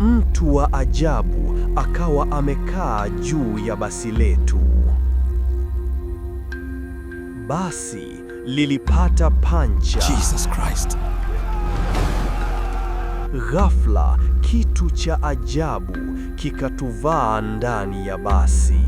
Mtu wa ajabu akawa amekaa juu ya basi letu. Basi lilipata pancha. Jesus Christ. Ghafla kitu cha ajabu kikatuvaa ndani ya basi.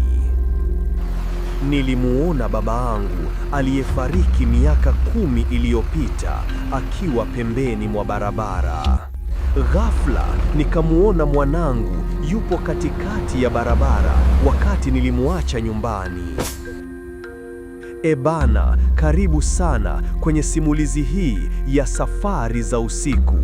Nilimuona baba angu aliyefariki miaka kumi iliyopita akiwa pembeni mwa barabara. Ghafla nikamwona mwanangu yupo katikati ya barabara wakati nilimwacha nyumbani. Ebana, karibu sana kwenye simulizi hii ya safari za usiku.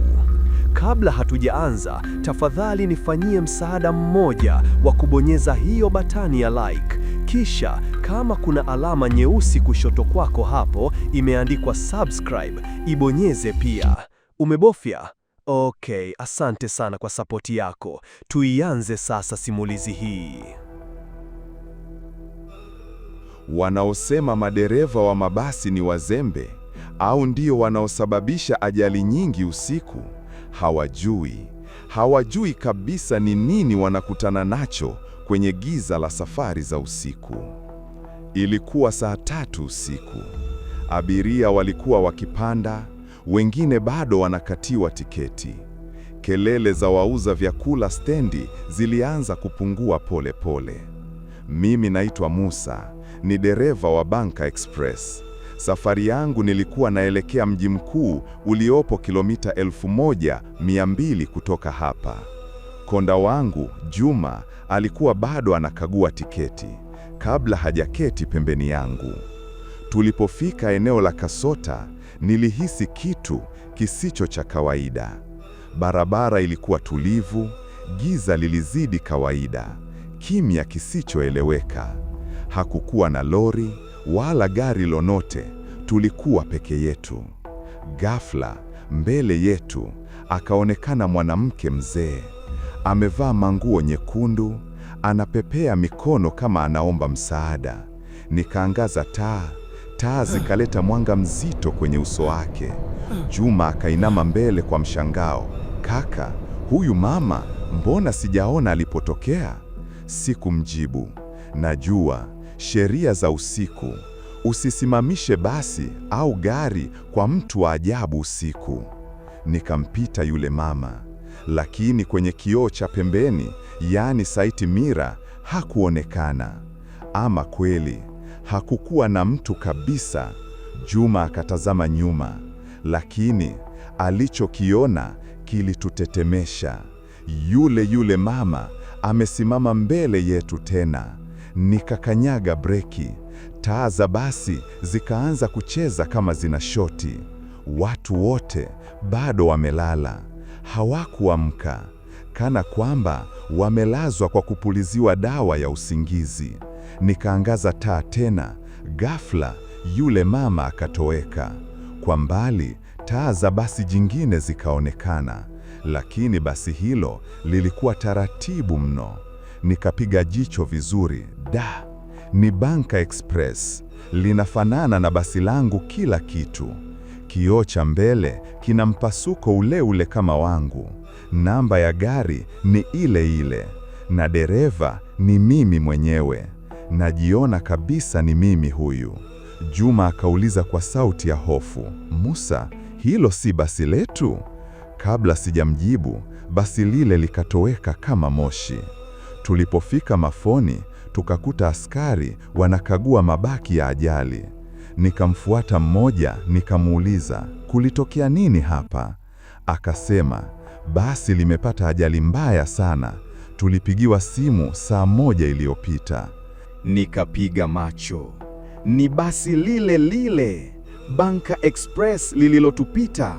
Kabla hatujaanza, tafadhali nifanyie msaada mmoja wa kubonyeza hiyo batani ya like. Kisha kama kuna alama nyeusi kushoto kwako hapo imeandikwa subscribe, ibonyeze pia. Umebofya? Okay, asante sana kwa sapoti yako. Tuianze sasa simulizi hii. Wanaosema madereva wa mabasi ni wazembe au ndio wanaosababisha ajali nyingi usiku, hawajui, hawajui kabisa ni nini wanakutana nacho kwenye giza la safari za usiku. Ilikuwa saa tatu usiku. Abiria walikuwa wakipanda wengine bado wanakatiwa tiketi. Kelele za wauza vyakula stendi zilianza kupungua polepole pole. Mimi naitwa Musa, ni dereva wa Banka Express. Safari yangu nilikuwa naelekea mji mkuu uliopo kilomita 1200 kutoka hapa. Konda wangu Juma alikuwa bado anakagua tiketi kabla hajaketi pembeni yangu. Tulipofika eneo la Kasota, nilihisi kitu kisicho cha kawaida. Barabara ilikuwa tulivu, giza lilizidi kawaida, kimya kisichoeleweka. Hakukuwa na lori wala gari lonote tulikuwa peke yetu. Ghafla mbele yetu akaonekana mwanamke mzee, amevaa manguo nyekundu, anapepea mikono kama anaomba msaada. Nikaangaza taa Taa zikaleta mwanga mzito kwenye uso wake. Juma akainama mbele kwa mshangao. Kaka, huyu mama mbona sijaona alipotokea? Sikumjibu. Najua sheria za usiku. Usisimamishe basi au gari kwa mtu wa ajabu usiku. Nikampita yule mama, lakini kwenye kioo cha pembeni, yaani saiti mira, hakuonekana. Ama kweli Hakukuwa na mtu kabisa. Juma akatazama nyuma, lakini alichokiona kilitutetemesha. Yule yule mama amesimama mbele yetu tena. Nikakanyaga breki, taa za basi zikaanza kucheza kama zina shoti. Watu wote bado wamelala, hawakuamka, kana kwamba wamelazwa kwa kupuliziwa dawa ya usingizi. Nikaangaza taa tena, ghafla yule mama akatoweka. Kwa mbali taa za basi jingine zikaonekana, lakini basi hilo lilikuwa taratibu mno. Nikapiga jicho vizuri, da, ni Banka Express. Linafanana na basi langu kila kitu. Kioo cha mbele kina mpasuko ule ule kama wangu, namba ya gari ni ile ile, na dereva ni mimi mwenyewe najiona kabisa ni mimi huyu. Juma akauliza kwa sauti ya hofu, Musa, hilo si basi letu? Kabla sijamjibu, basi lile likatoweka kama moshi. Tulipofika Mafoni, tukakuta askari wanakagua mabaki ya ajali. Nikamfuata mmoja, nikamuuliza, kulitokea nini hapa? Akasema, basi limepata ajali mbaya sana. Tulipigiwa simu saa moja iliyopita. Nikapiga macho, ni basi lile lile Banka Express lililotupita.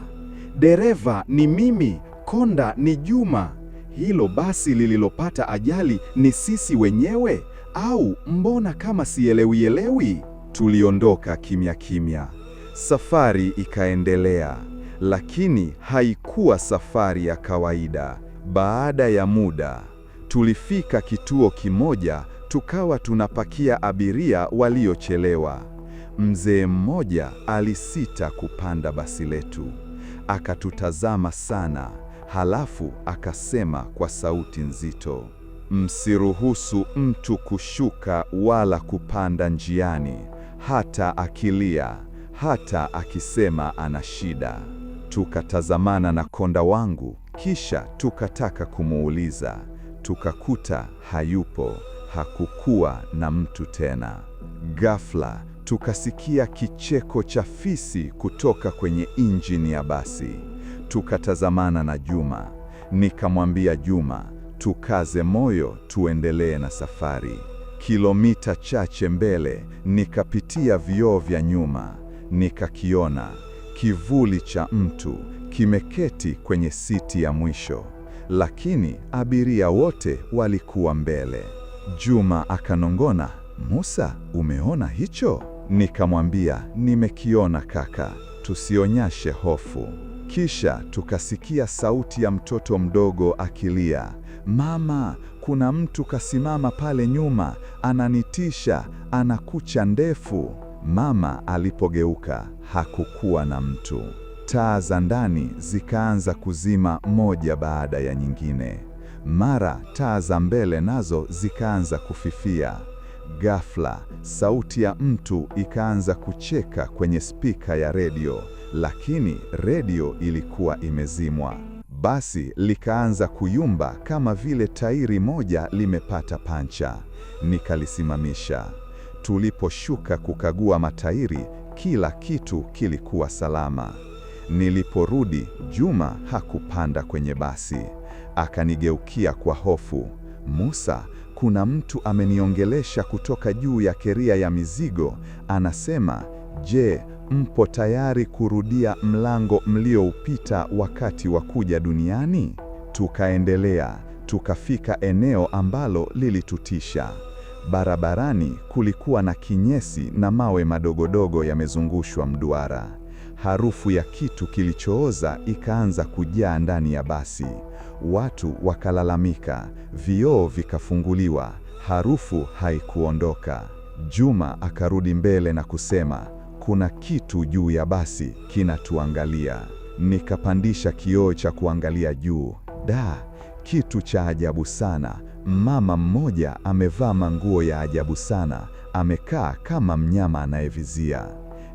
Dereva ni mimi, konda ni Juma. Hilo basi lililopata ajali ni sisi wenyewe au mbona kama sielewi elewi Tuliondoka kimya kimya. Safari ikaendelea, lakini haikuwa safari ya kawaida. Baada ya muda tulifika kituo kimoja tukawa tunapakia abiria waliochelewa. Mzee mmoja alisita kupanda basi letu, akatutazama sana, halafu akasema kwa sauti nzito, msiruhusu mtu kushuka wala kupanda njiani, hata akilia, hata akisema ana shida. Tukatazamana na konda wangu, kisha tukataka kumuuliza, tukakuta hayupo hakukuwa na mtu tena. Ghafla tukasikia kicheko cha fisi kutoka kwenye injini ya basi. Tukatazamana na Juma, nikamwambia Juma tukaze moyo, tuendelee na safari. Kilomita chache mbele nikapitia vioo vya nyuma, nikakiona kivuli cha mtu kimeketi kwenye siti ya mwisho, lakini abiria wote walikuwa mbele. Juma akanong'ona, Musa, umeona hicho? Nikamwambia, nimekiona kaka, tusionyeshe hofu. Kisha tukasikia sauti ya mtoto mdogo akilia, mama, kuna mtu kasimama pale nyuma, ananitisha, ana kucha ndefu. Mama alipogeuka hakukuwa na mtu. Taa za ndani zikaanza kuzima moja baada ya nyingine. Mara taa za mbele nazo zikaanza kufifia. Ghafla sauti ya mtu ikaanza kucheka kwenye spika ya redio, lakini redio ilikuwa imezimwa. Basi likaanza kuyumba kama vile tairi moja limepata pancha. Nikalisimamisha. Tuliposhuka kukagua matairi, kila kitu kilikuwa salama. Niliporudi, Juma hakupanda kwenye basi. Akanigeukia kwa hofu, Musa, kuna mtu ameniongelesha kutoka juu ya keria ya mizigo, anasema, je, mpo tayari kurudia mlango mlioupita wakati wa kuja duniani? Tukaendelea, tukafika eneo ambalo lilitutisha. Barabarani kulikuwa na kinyesi na mawe madogodogo yamezungushwa mduara. Harufu ya kitu kilichooza ikaanza kujaa ndani ya basi. Watu wakalalamika, vioo vikafunguliwa, harufu haikuondoka. Juma akarudi mbele na kusema, kuna kitu juu ya basi kinatuangalia. Nikapandisha kioo cha kuangalia juu. Da, kitu cha ajabu sana. Mama mmoja amevaa manguo ya ajabu sana, amekaa kama mnyama anayevizia.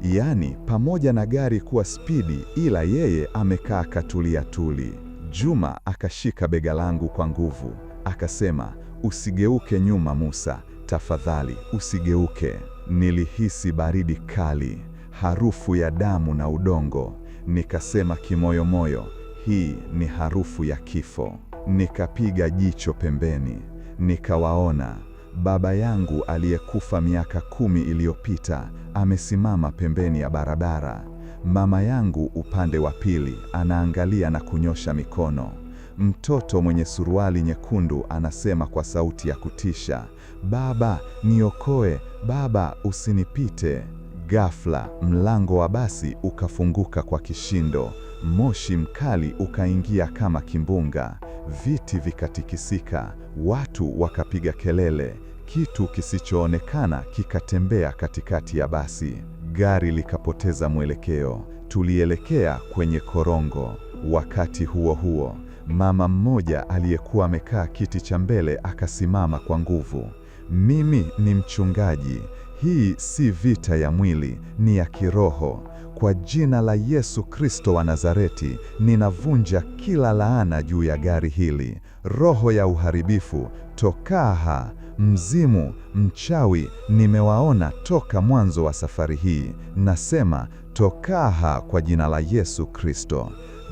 Yaani, pamoja na gari kuwa spidi, ila yeye amekaa katulia tuli. Juma akashika bega langu kwa nguvu, akasema, usigeuke nyuma Musa, tafadhali usigeuke. Nilihisi baridi kali, harufu ya damu na udongo. Nikasema kimoyomoyo, hii ni harufu ya kifo. Nikapiga jicho pembeni, nikawaona Baba yangu aliyekufa miaka kumi iliyopita amesimama pembeni ya barabara. Mama yangu upande wa pili anaangalia na kunyosha mikono. Mtoto mwenye suruali nyekundu anasema kwa sauti ya kutisha, "Baba, niokoe, baba, usinipite." Ghafla, mlango wa basi ukafunguka kwa kishindo. Moshi mkali ukaingia kama kimbunga. Viti vikatikisika, watu wakapiga kelele, kitu kisichoonekana kikatembea katikati ya basi. Gari likapoteza mwelekeo, tulielekea kwenye korongo. Wakati huo huo, mama mmoja aliyekuwa amekaa kiti cha mbele akasimama kwa nguvu. Mimi ni mchungaji, hii si vita ya mwili, ni ya kiroho. Kwa jina la Yesu Kristo wa Nazareti, ninavunja kila laana juu ya gari hili. Roho ya uharibifu, tokaha! Mzimu, mchawi, nimewaona toka mwanzo wa safari hii. Nasema tokaha kwa jina la Yesu Kristo.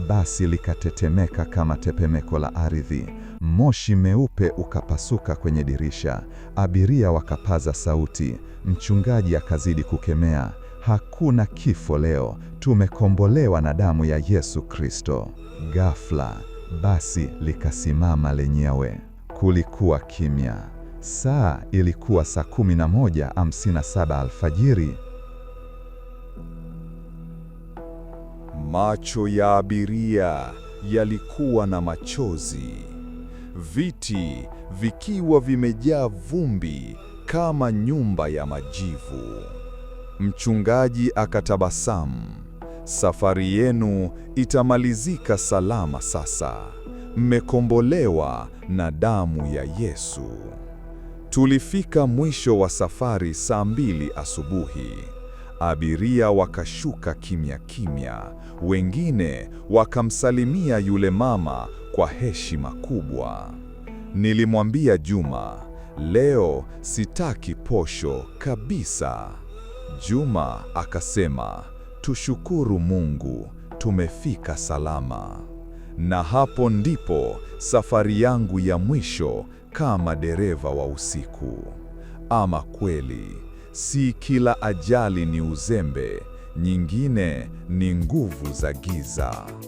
Basi likatetemeka kama tetemeko la ardhi, moshi meupe ukapasuka kwenye dirisha, abiria wakapaza sauti, mchungaji akazidi kukemea Hakuna kifo leo, tumekombolewa na damu ya Yesu Kristo. Ghafla basi likasimama lenyewe. Kulikuwa kimya. Saa ilikuwa saa 11:57 alfajiri. Macho ya abiria yalikuwa na machozi, viti vikiwa vimejaa vumbi kama nyumba ya majivu. Mchungaji akatabasamu. Safari yenu itamalizika salama sasa. Mmekombolewa na damu ya Yesu. Tulifika mwisho wa safari saa mbili asubuhi. Abiria wakashuka kimya kimya, wengine wakamsalimia yule mama kwa heshima kubwa. Nilimwambia Juma, leo sitaki posho kabisa. Juma akasema, tushukuru Mungu tumefika salama. Na hapo ndipo safari yangu ya mwisho kama dereva wa usiku. Ama kweli, si kila ajali ni uzembe, nyingine ni nguvu za giza.